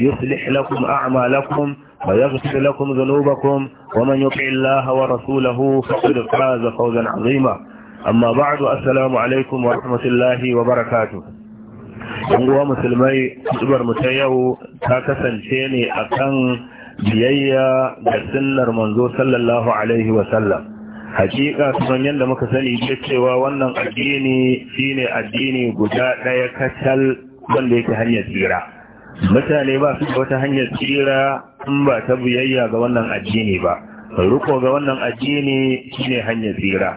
يصلح لكم أعمالكم ويغفر لكم ذنوبكم ومن يطع الله ورسوله فقد فاز فوزا عظيما أما بعد السلام عليكم ورحمة الله وبركاته yanguwa musulmai zubar mu ta yau ta kasance ne kan biyayya ga sunnar manzo sallallahu alaihi wa sallam hakika sun yanda muka sani da cewa wannan addini shine addini guda ɗaya kacal wanda yake hanyar tsira mutane ba su da wata hanyar tsira in ba ta biyayya ga wannan addini ba riko ga wannan addini shine hanyar tsira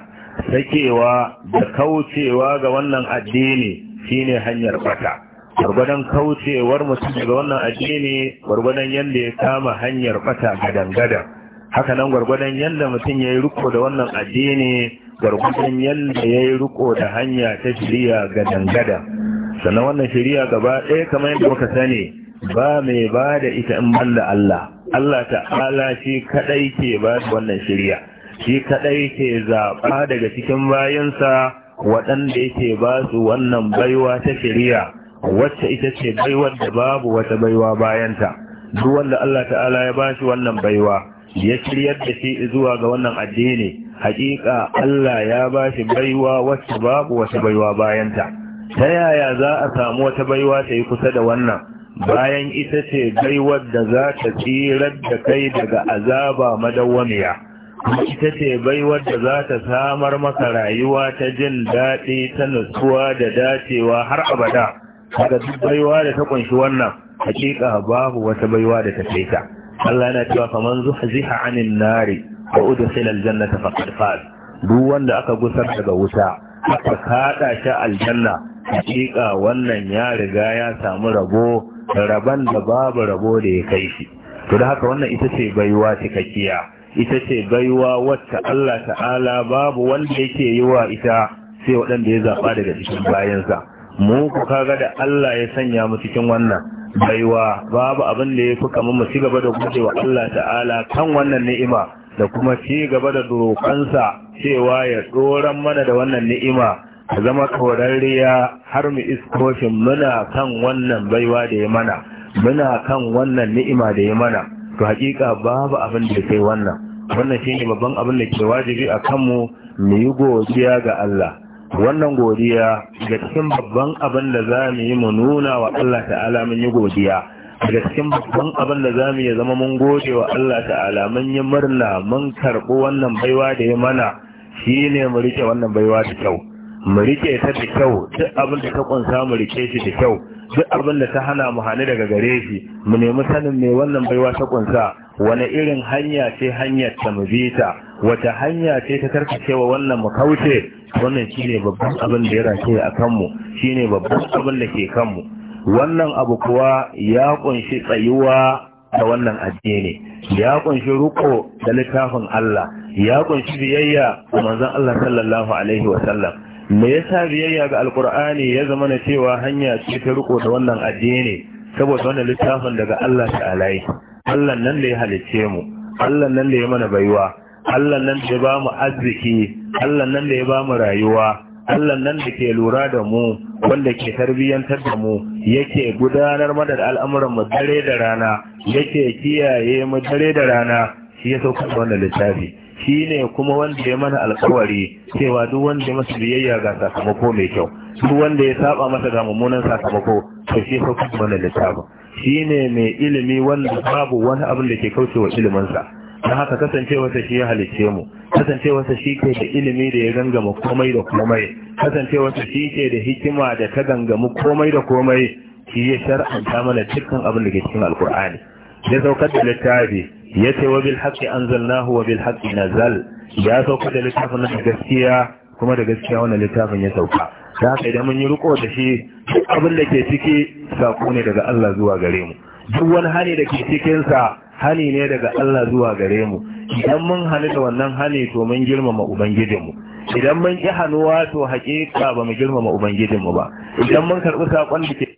sakewa da kaucewa ga wannan addini shine hanyar bata gwargwadon kaucewar mutum daga wannan addini gwargwadon yadda ya kama hanyar bata gadan-gadan haka nan gwargwadon yadda mutum ya yi riko da wannan addini gwargwadon yadda ya yi riko da hanya ta shirya gadan-gadan sannan wannan shari'a gaba ɗaya kamar yadda muka sani ba mai ba da ita in ban da Allah Allah ta'ala shi kaɗai ke ba wannan shari'a shi kaɗai ke zaɓa daga cikin bayansa waɗanda yake ba su wannan baiwa ta shari'a wacce ita ce baiwar da babu wata baiwa bayanta duk wanda Allah ta'ala ya ba shi wannan baiwa ya shiryar da shi zuwa ga wannan addini hakika Allah ya ba shi baiwa wacce babu wata baiwa bayanta ta yaya za a samu wata baiwa ta yi kusa da wannan bayan ita ce baiwar da za ta tsirar da kai daga azaba madawwamiya ita ce baiwar da za ta samar maka rayuwa ta jin daɗi ta nutsuwa da dacewa har abada daga duk baiwa da ta kunshi wannan hakika babu wata baiwa da ta kai ta Allah yana cewa faman zuhziha anin nari wa udkhila aljannata faqad faz duk wanda aka gusar daga wuta aka kada shi aljanna hakika wannan ya riga ya samu rabo raban da babu rabo da ya kai shi to da haka wannan ita ce baiwa cikakkiya ita ce baiwa wacce Allah ta'ala babu wanda yake yi wa ita sai waɗanda ya zaɓa daga cikin bayansa mu ku kaga da Allah ya sanya mu cikin wannan baiwa babu abin da ya fi kamar mu ci gaba da wa Allah ta'ala kan wannan ni'ima da kuma ci gaba da sa cewa ya tsoron mana da wannan ni'ima ka zama korarriya har mu iskoshin muna kan wannan baiwa da ya mana muna kan wannan ni'ima da ya mana to hakika babu abin da sai wannan wannan shi ne babban abin da ke wajibi a kanmu mu yi godiya ga Allah wannan godiya daga cikin babban abin da za mu yi mu nuna wa Allah ta'ala mun yi godiya daga cikin babban abin da za mu yi zama mun gode wa Allah ta'ala mun yi murna mun karɓi wannan baiwa da ya mana shi ne mu rike wannan baiwa da kyau mu rike ta da kyau duk abin da ta kunsa mu rike shi da kyau duk abin da ta hana mu hane daga gare shi mu nemi sanin me wannan baiwa ta kunsa wani irin hanya ce hanyar ta mu bita wata hanya ce ta karkacewa wannan mu kauce wannan shine babban abin da ya rake a kanmu shine babban abin da ke kanmu wannan abu kuwa ya kunshi tsayuwa da wannan addini ya kunshi ruko da littafin Allah ya kunshi biyayya ga manzon Allah sallallahu alaihi wa sallam me yasa biyayya ga alkur'ani ya zama na cewa hanya ce ta riko da wannan addini saboda wannan littafin daga Allah ta'ala Allah nan da ya halice mu Allah nan da ya mana baiwa Allah nan da ya ba mu arziki Allah nan da ya ba mu rayuwa Allah nan da ke lura da mu wanda ke tarbiyyantar da mu yake gudanar mana da al'amuran mu dare da rana yake kiyaye mu dare da rana shi ya saukar da wannan littafi shi ne kuma wanda ya mana alkawari cewa duk wanda ya masa biyayya ga sakamako mai kyau duk wanda ya saba masa ga mummunan sakamako to shi ya saukar da wannan littafin shi ne mai ilimi wanda babu wani abin da ke wa iliminsa don haka kasancewarsa shi ya halicce mu kasancewarsa shi ke da ilimi da ya gangama komai da komai kasancewarsa shi ke da hikima da ta gangamu komai da komai shi ya shar'anta mana dukkan abin da ke cikin alkur'ani ya saukar da littafi ya ce wa bil haqqi anzalnahu wa bil haqqi nazal ya sauka da littafin na gaskiya kuma da gaskiya wannan littafin ya sauka da haka idan mun yi riko da shi abin da ke ciki sako ne daga Allah zuwa gare mu duk wani hani da ke cikin sa hani ne daga Allah zuwa gare mu idan mun hani da wannan hani to mun girmama ubangijinmu idan mun ki hanuwa to haƙiƙa ba mu girmama ubangijinmu ba idan mun karɓi sakon da ke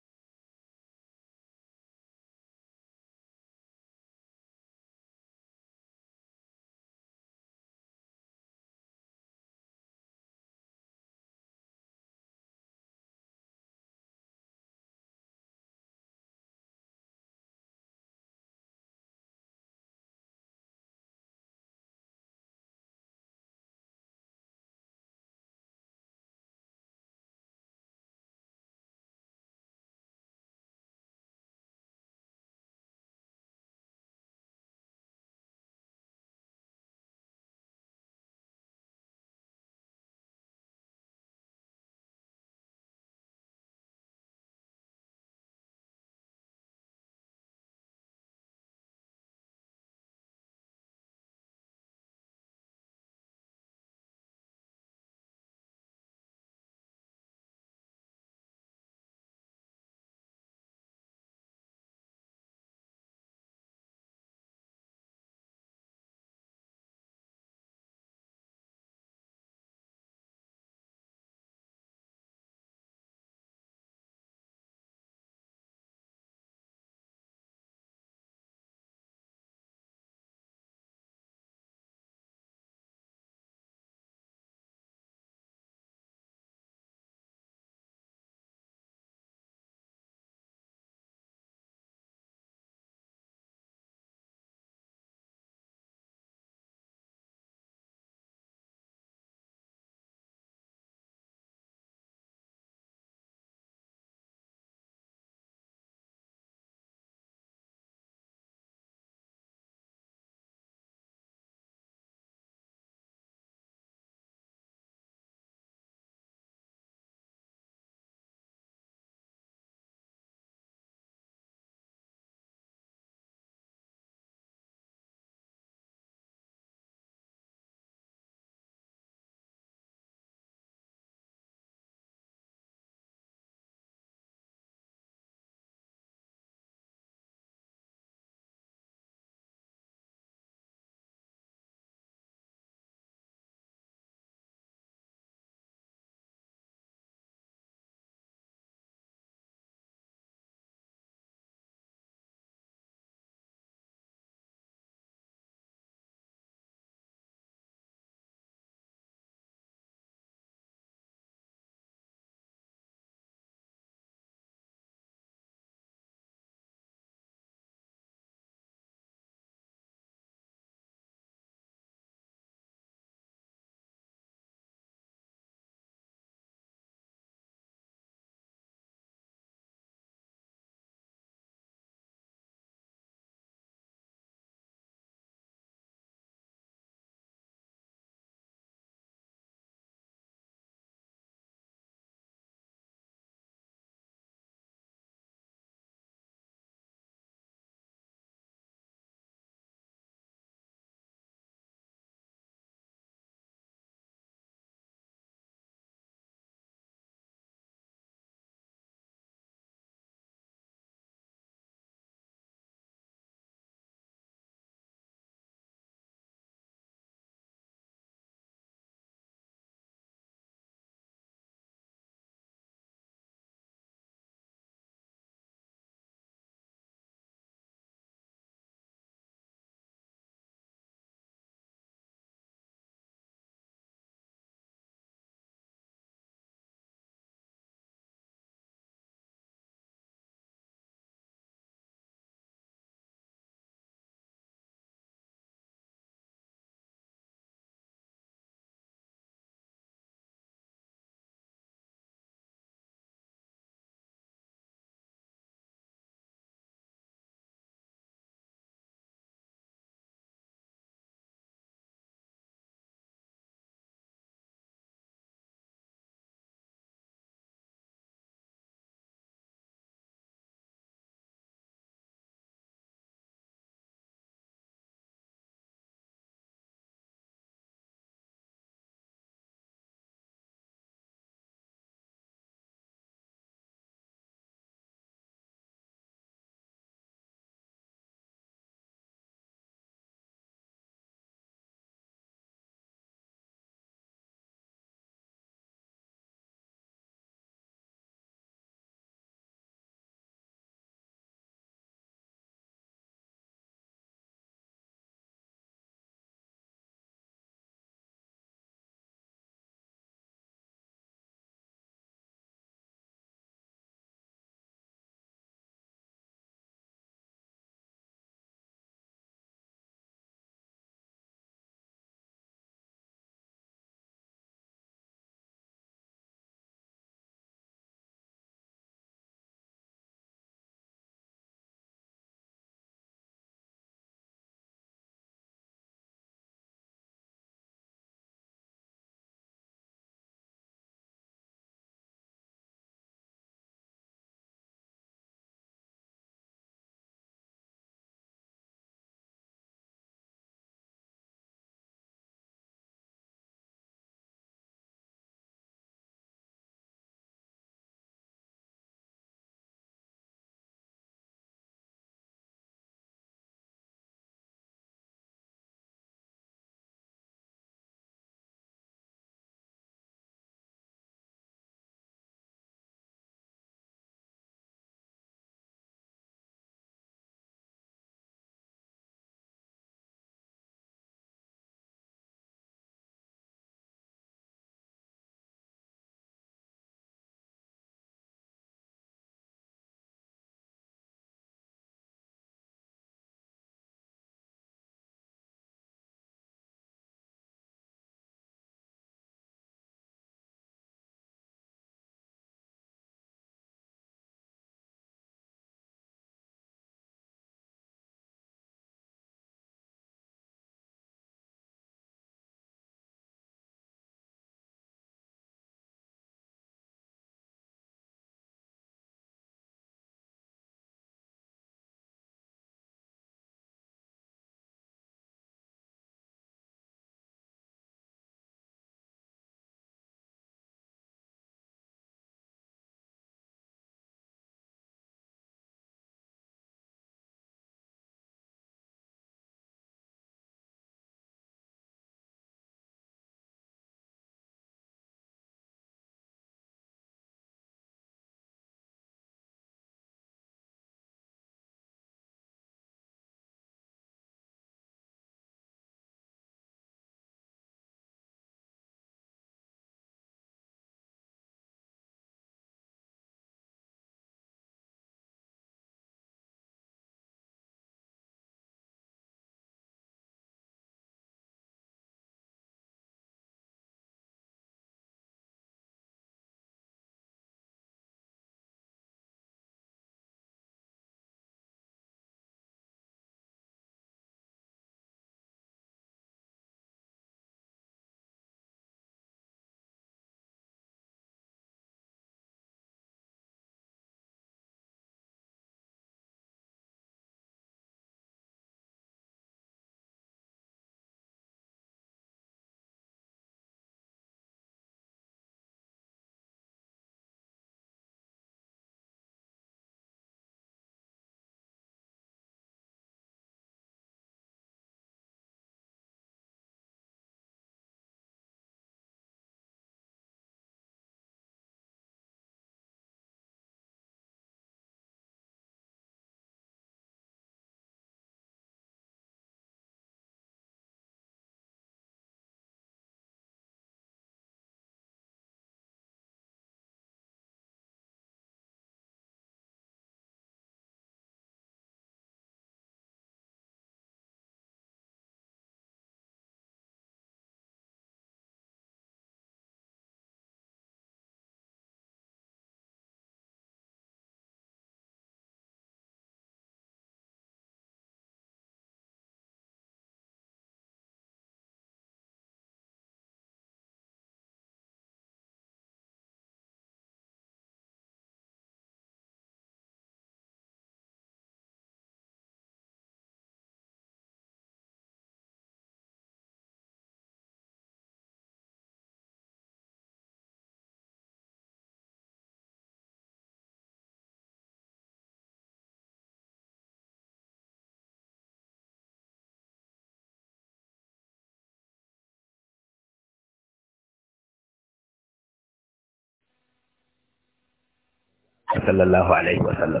sallallahu alaihi wasallam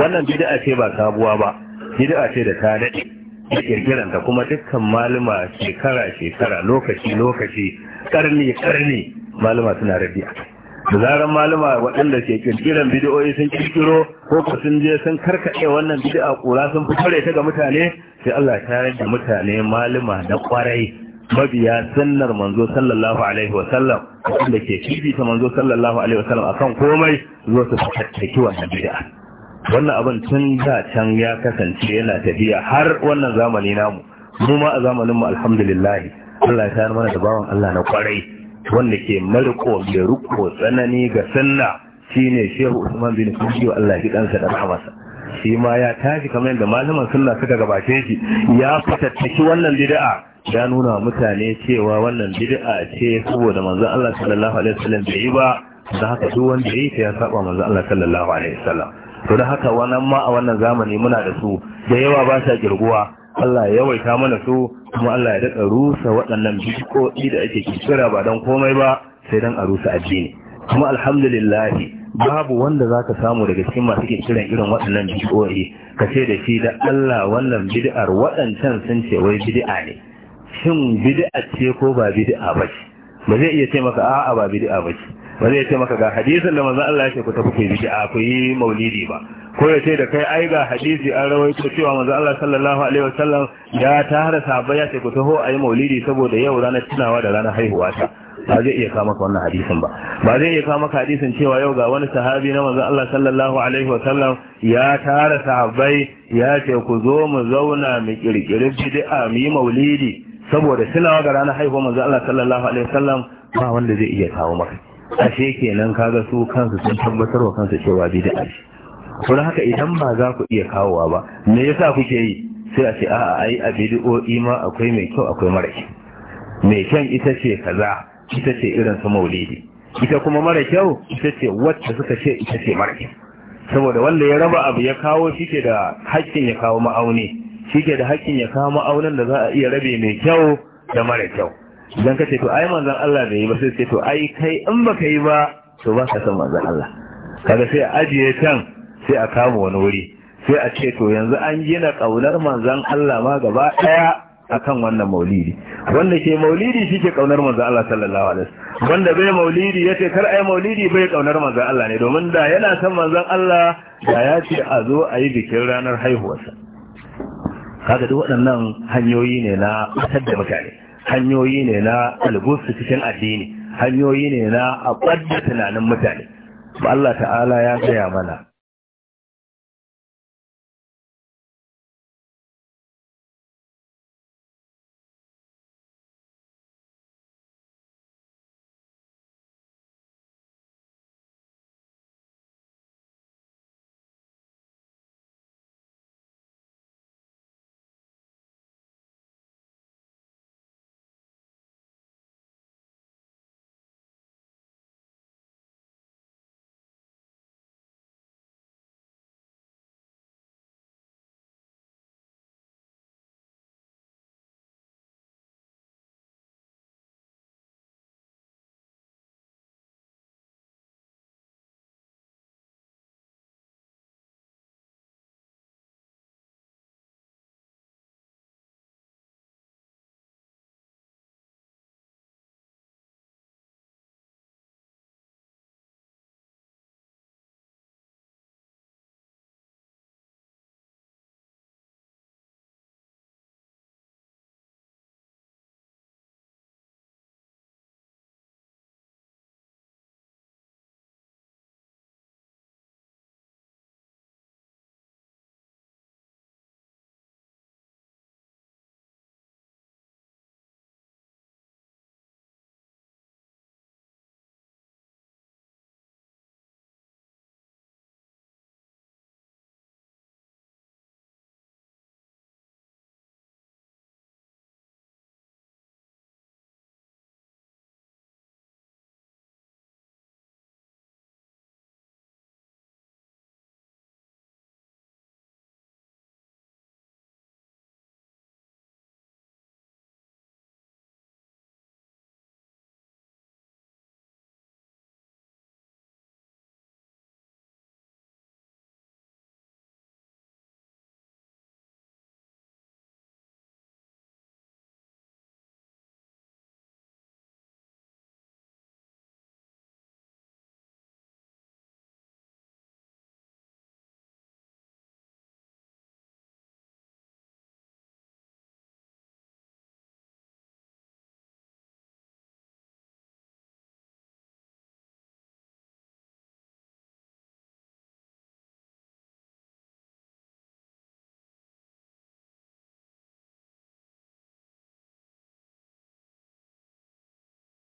wannan bid'a ce ba sabuwa ba bid'a ce da ta dade da kirkiran ta kuma dukkan malama shekara shekara lokaci lokaci karni karni malama suna rabiya da zaran malama waɗanda ke kirkiran bid'o'i sun kirkiro ko ko sun je sun karkaɗe wannan bid'a kura sun fitare ta ga mutane sai Allah ta da mutane malama na kwarai mabiya sunnar manzo sallallahu alaihi wasallam wanda ke kibita manzo sallallahu alaihi wasallam akan komai zo su tattaki wannan bid'a wannan abin tun da can ya kasance yana tafiya har wannan zamani namu mu ma a zamanin mu alhamdulillah Allah ya tayar mana da bawan Allah na kwarai wanda ke marko da ruko tsanani ga sunna shine Shehu Usman bin wa Allah ya kansa da rahmasa shi ma ya tashi kamar yadda malaman sunna suka gabace shi ya fitattaki wannan bid'a ya nuna mutane cewa wannan bid'a ce saboda manzon Allah sallallahu alaihi wasallam bai yi ba da haka duk wanda yi ta ya saba manzon Allah sallallahu alaihi wasallam to da haka wannan ma a wannan zamani muna da su da yawa ba sa girguwa Allah ya yawaita mana su kuma Allah ya daɗa rusa waɗannan bid'o'i da ake kira ba don komai ba sai dan a rusa addini kuma alhamdulillah babu wanda zaka samu daga cikin masu ke kiran irin waɗannan bid'o'i ka ce da shi da Allah wannan bid'ar waɗancan sun ce wai bid'a ne shin bid'a ce ko ba bid'a ba ce ba zai iya ce maka a'a ba bid'a ba ce ba zai ce maka ga hadisin da manzo Allah yake ku tafi ku bid'a ku yi maulidi ba ko ya ce da kai ai ga hadisi an rawaito cewa manzo Allah sallallahu alaihi wasallam ya tara sahabbai ya ce ku taho ayi maulidi saboda yau ranar tunawa da ranar haihuwa ta ba zai iya kawo maka wannan hadisin ba ba zai iya kawo maka hadisin cewa yau ga wani sahabi na manzo Allah sallallahu alaihi wa sallam ya tara sahabbai ya ce ku zo mu zauna mu kirkiri bid'a mu yi maulidi saboda tunawa ga ranar haihuwar manzo Allah sallallahu alaihi wasallam ba wanda zai iya kawo maka ashe kenan kaga su kansu sun tabbatar wa kansu cewa da ce kuma haka idan ba za ku iya kawowa ba me yasa kuke yi sai a ce a'a ai a bid'o'i ma akwai mai kyau akwai mara kyau mai kyan ita ce kaza ita ce irin su maulidi ita kuma mara kyau ita ce wacce suka ce ita ce mara kyau saboda wanda ya raba abu ya kawo shi ke da haƙƙin ya kawo ma'auni shi ke da haƙƙin ya kawo ma'aunin da za a iya rabe mai kyau da mara kyau idan ka ce to ai manzon Allah bai yi ba sai ce to ai kai in baka yi ba to ba ka san manzon Allah kaga sai a ajiye can sai a kama wani wuri sai a ce to yanzu an gina kaunar manzon Allah ma gaba ɗaya akan wannan maulidi wanda ke maulidi shi ke kaunar manzon Allah sallallahu alaihi wasallam wanda bai maulidi yace kar ai maulidi bai kaunar manzon Allah ne domin da yana san manzon Allah da ya ce a zo a yi bikin ranar haihuwarsa kaga duk waɗannan hanyoyi ne na fitar da mutane hanyoyi ne na albusu cikin addini hanyoyi ne na a tunanin mutane ba Allah ta'ala ya gaya mana